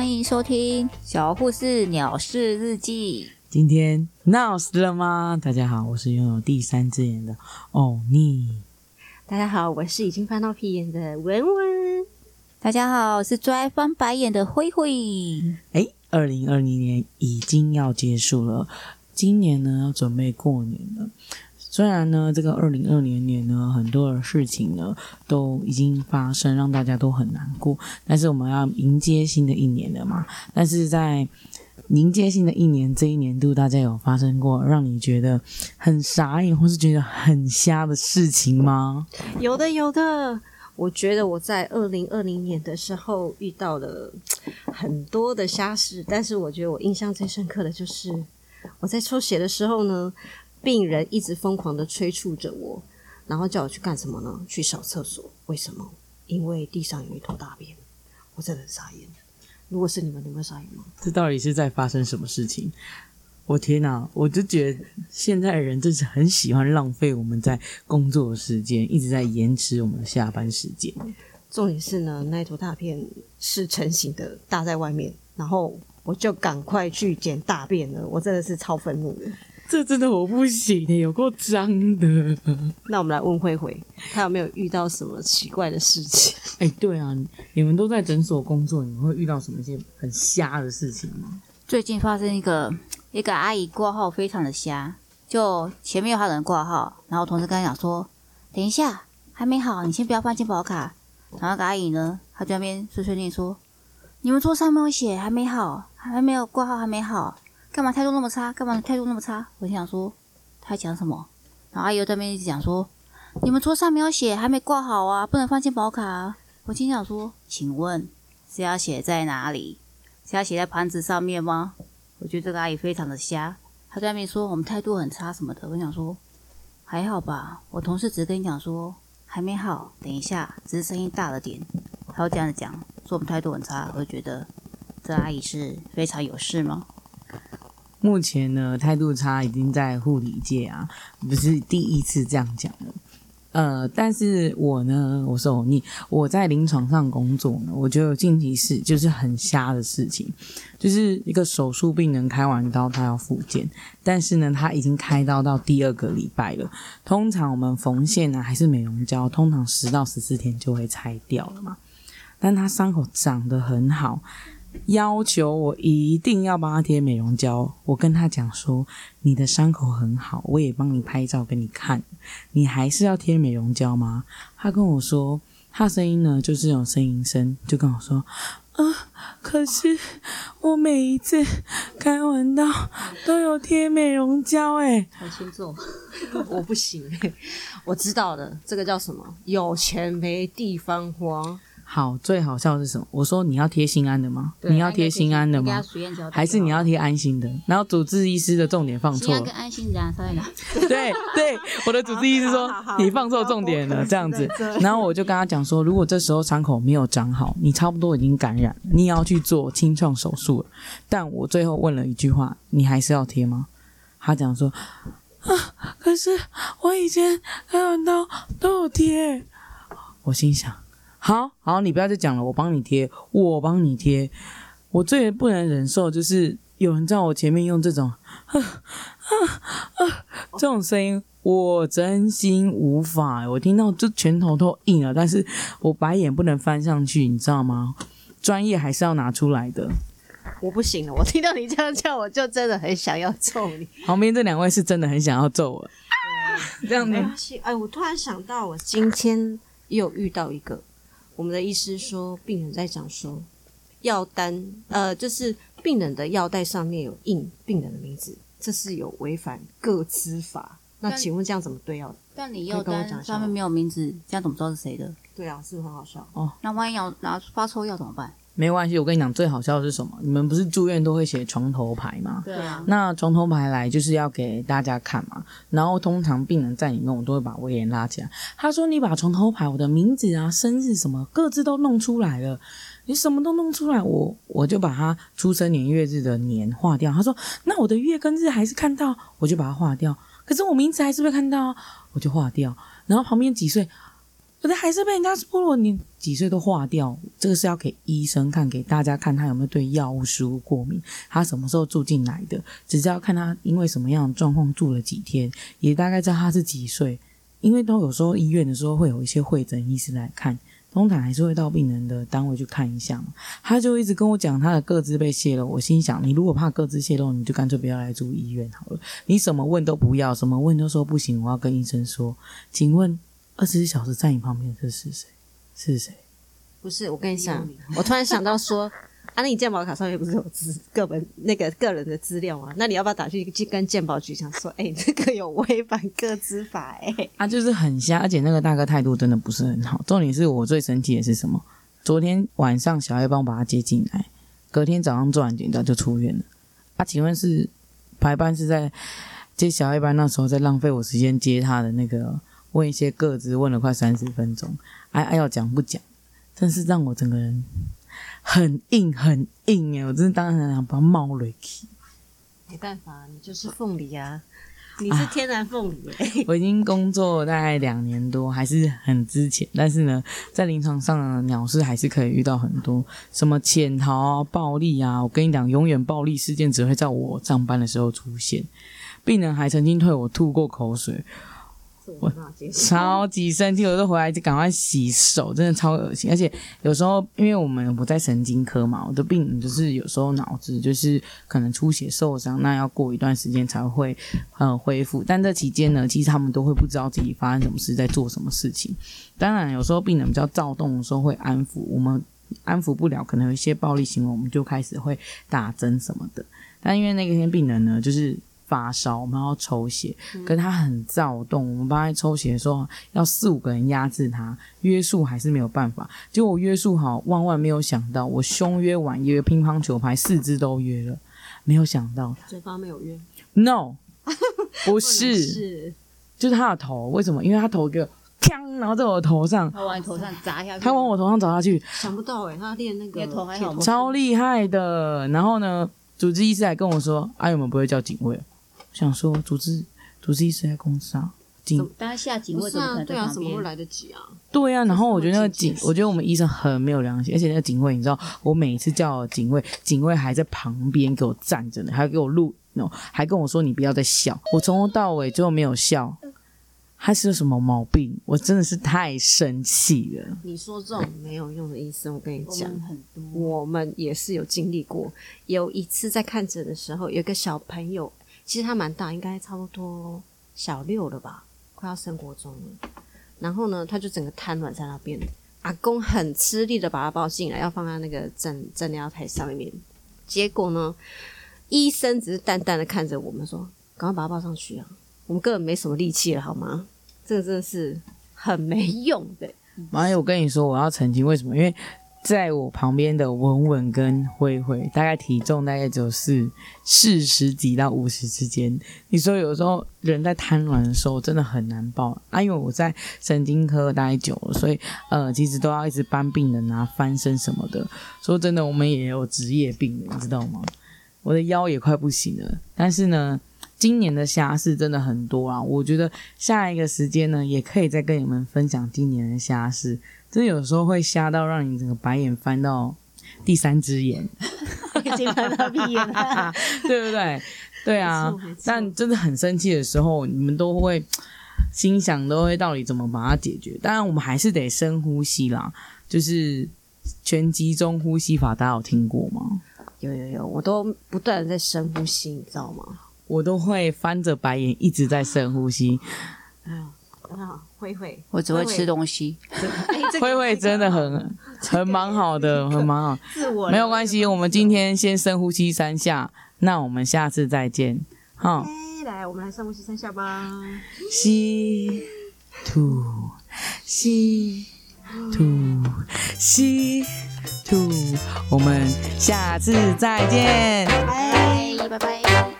歡迎收聽《小護士鳥事日記》。今天鬧死了嗎？大家好，我是擁有第三隻眼的奧尼。Oh, 大家好，我是已經翻到屁眼的文文。大家好，我是專翻白眼的灰灰。哎、欸，二零二零年已經要結束了，今年呢要準備過年了。雖然呢，這個二零二零年呢，很多的事情呢都已經發生，讓大家都很難過。但是我們要迎接新的一年了嘛？但是在迎接新的一年，這一年度大家有發生過讓你覺得很傻眼或是覺得很瞎的事情嗎？有的，有的。我覺得我在二零二零年的時候遇到了很多的瞎事，但是我覺得我印象最深刻的就是我在抽血的時候呢。病人一直瘋狂的催促着我，然後叫我去幹什麼呢？去掃廁所？為什麼？因為地上有一坨大便。我真的很傻眼了。如果是你們，你會傻眼嗎？這到底是在發生什麼事情？我天哪、啊！我就覺得現在的人真是很喜歡浪費我們在工作的時間，一直在延遲我們的下班時間。嗯，重點是呢，那一坨大便是成型的，搭在外面，然後我就趕快去撿大便了。我真的是超憤怒的。這真的我不行、欸、有夠髒的。 那我們來問慧慧，她有沒有遇到什麼奇怪的事情？哎、 欸，對啊，你們都在診所工作，你們會遇到什麼一些很瞎的事情嗎？最近發生一個一個阿姨掛號非常的瞎，就前面有他人掛號，然後同事跟他講說：“等一下，還沒好，你先不要放健保卡。”然後那個阿姨呢，她就那邊碎碎念說：“你們桌上面寫還沒好，還沒有掛號，還沒好。”幹嘛態度那麼差？幹嘛態度那麼差？我就想說，他講什麼？然後阿姨又在那邊一直講說，你們桌上沒有寫，還沒掛好啊，不能放進保卡啊。我心想,想說，請問是要寫在哪裡？是要寫在盤子上面嗎？我覺得這個阿姨非常的瞎。她在那邊說我們態度很差什麼的，我想說，還好吧。我同事只是跟你講說還沒好，等一下，只是聲音大了點，他又這樣子講，說我們態度很差，我就覺得這阿姨是非常有事嗎？目前呢，態度差已經在護理界啊，不是第一次這樣講了。呃，但是我呢，我是偶逆，我在臨床上工作呢，我覺得近期是就是很瞎的事情，就是一個手術病人開完刀，他要復健，但是呢，他已經開刀到第二個禮拜了。通常我們縫線啊，還是美容膠，通常十到十四天就會拆掉了嘛，但他傷口長得很好。要求我一定要幫他貼美容膠，我跟他講說：“你的傷口很好，我也幫你拍照給你看，你還是要貼美容膠嗎？”他跟我說，他聲音呢就是那種呻吟聲，就跟我說：“啊、呃，可是我每一次開完刀都有貼美容膠、欸，誒，好輕重，我不行、欸，誒。我知道的，這個叫什麼？有錢沒地方花。”好，最好笑的是什麼？我說，你要貼心安的嗎？對你要貼心安的嗎？是還是你要貼安心的？然後主治醫師的重點放錯了。心安跟安心哪？ 對對， 好我的主治醫師說，你放錯重點了，這，這樣子。然後我就跟他講說，如果這時候傷口沒有長好，你差不多已經感染了，你也要去做清創手術了。但我最後問了一句話，你還是要貼嗎？他講說，啊，可是我以前還有都都有貼。我心想。好好，你不要再講了，我幫你貼，我幫你貼。我最不能忍受就是有人在我前面用這種呵呵呵這種聲音，我真心無法，我聽到就拳頭都硬了，但是我白眼不能翻上去，你知道嗎？專業還是要拿出來的。我不行了，我聽到你這樣叫，我就真的很想要揍你。旁邊這兩位是真的很想要揍我，嗯、這樣、哎、沒關係。哎，我突然想到，我今天又遇到一個。我們的醫師說，病人在講說，藥單呃，就是病人的藥袋上面有印病人的名字，這是有違反個資法。但那請問這樣怎麼對藥？但你又跟我講，上面沒有名字，這樣怎麼知道是誰的？對啊，是不是很好笑？哦，那萬一要拿發錯藥怎麼辦？沒關係，我跟你講最好笑的是什麼？你們不是住院都會寫床頭牌嗎？對啊。那床頭牌來就是要給大家看嘛。然後通常病人在裡面，我都會把圍簾拉起來。他說：“你把床頭牌，我的名字啊、生日什麼，各自都弄出來了。你什麼都弄出來，我我就把他出生年月日的年劃掉。”他說：“那我的月跟日還是看到，我就把它劃掉。可是我名字還是會看到，我就劃掉。然後旁邊幾歲？”可是還是被人家說，你幾歲都化掉。這個是要給醫生看，給大家看他有沒有對藥物食物過敏，他什麼時候住進來的，只是要看他因為什麼樣的狀況住了幾天，也大概知道他是幾歲。因為都有時候醫院的時候會有一些會診醫師來看，通常還是會到病人的單位去看一下嘛。他就一直跟我講他的個資被泄了，我心想：你如果怕個資泄露，你就乾脆不要來住醫院好了。你什麼問都不要，什麼問都說不行，我要跟醫生說，請問。二十四小時在你旁邊，這是誰？是誰？不是我跟你講，你我突然想到說， 啊，那你健保卡上面不是有資個人那個個人的資料嗎？那你要不要打去跟健保局講說，誒、欸、這個有違反個資法誒、欸、啊，就是很瞎，而且那個大哥態度真的不是很好。重點是我最神奇的是什麼？昨天晚上小黑幫我把他接進來，隔天早上做完檢查就出院了。啊，請問是白班是在接小黑班，那時候在浪費我時間接他的那個？問一些個子，問了快三十分鐘，哎哎，要講不講？真是讓我整個人很硬很硬哎！我真是當場想把要冒雷氣。沒辦法，你就是鳳梨啊，啊你是天然鳳梨。我已經工作了大概兩年多，還是很之前。但是呢，在臨床上呢，鳥事還是可以遇到很多什麼潛逃啊、暴力啊。我跟你講，永遠暴力事件只會在我上班的時候出現。病人還曾經對我吐過口水。我超級生氣，我就回來就趕快洗手，真的超噁心。而且有時候，因為我們不在神經科嘛，我的病人就是有時候腦子就是可能出血受傷，那要過一段時間才會呃恢復。但這期間呢，其實他們都會不知道自己發生什麼事，在做什麼事情。當然，有時候病人比較躁動的時候，會安撫，我們安撫不了，可能有一些暴力行為，我們就開始會打針什麼的。但因為那一天病人呢，就是。發燒，然後抽血，可是他很躁動。我們幫他抽血的時候，要四五個人壓制他，約束還是沒有辦法。結果我約束好，萬萬沒有想到，我胸約完，約乒乓球拍，四肢都約了，沒有想到。他嘴巴沒有約。No， 不是，不是就是他的頭。為什麼？因為他頭就砰，然後在我的頭上，他往頭上砸下去，他往我頭上砸下去。想不到哎，他練那個鐵頭還好超厲害的。然後呢，主治醫師還跟我說：“阿、啊、勇，我們不會叫警衛。”想說組織，主治主治醫師在公司啊，警，大家下警衛上、啊、對啊怎麼會在旁邊？怎麼都來得及啊？對啊，然後我覺得那個警，僅僅我覺得我們醫生很沒有良心，而且那個警衛，你知道，我每一次叫警衛，警衛還在旁邊給我站着呢，還給我錄，know, 還跟我說你不要再笑，我從頭到尾就沒有笑，他是有什麼毛病？我真的是太生氣了。你說這種沒有用的醫生，我跟你講很多，我們也是有經歷過。有一次在看診的時候，有個小朋友。其實他蠻大，應該差不多小六了吧，快要升國中了。然後呢，他就整個癱軟在那邊，阿公很吃力的把他抱進來，要放在那個診療台上面。結果呢，醫生只是淡淡的看着我們說：“趕快把他抱上去啊，我們根本沒什麼力氣了，好嗎？”這個真的是很沒用的、欸。媽呀、嗯、我跟你說，我要澄清為什麼，因為。在我旁邊的文文跟灰灰，大概體重大概就是四,四十幾到五十之間。你說有時候人在癱軟的時候真的很難抱啊，因為我在神經科待久了，所以呃其實都要一直搬病人啊翻身什麼的。說真的，我們也有職業病了，你知道嗎？我的腰也快不行了，但是呢。今年的蝦事真的很多啊！我覺得下一個時間呢，也可以再跟你們分享今年的蝦事。真的有時候會瞎到讓你整個白眼翻到第三隻眼，已經翻到閉眼了，對不對？ 對啊，但真的很生氣的時候，你們都會心想，都會到底怎麼把它解決？當然，我們還是得深呼吸啦。就是全集中呼吸法，大家有聽過嗎？有有有，我都不斷的在深呼吸，你知道嗎？我都會翻着白眼，一直在深呼吸。啊，灰灰，我只會吃東西。灰灰真的很很蠻好的，很蠻好。自我沒有關係。我們今天先深呼吸三下，那我們下次再見。好，來，我們來深呼吸三下吧。吸，吐，吸，吐，吸，吐。我們下次再見。拜拜，拜拜。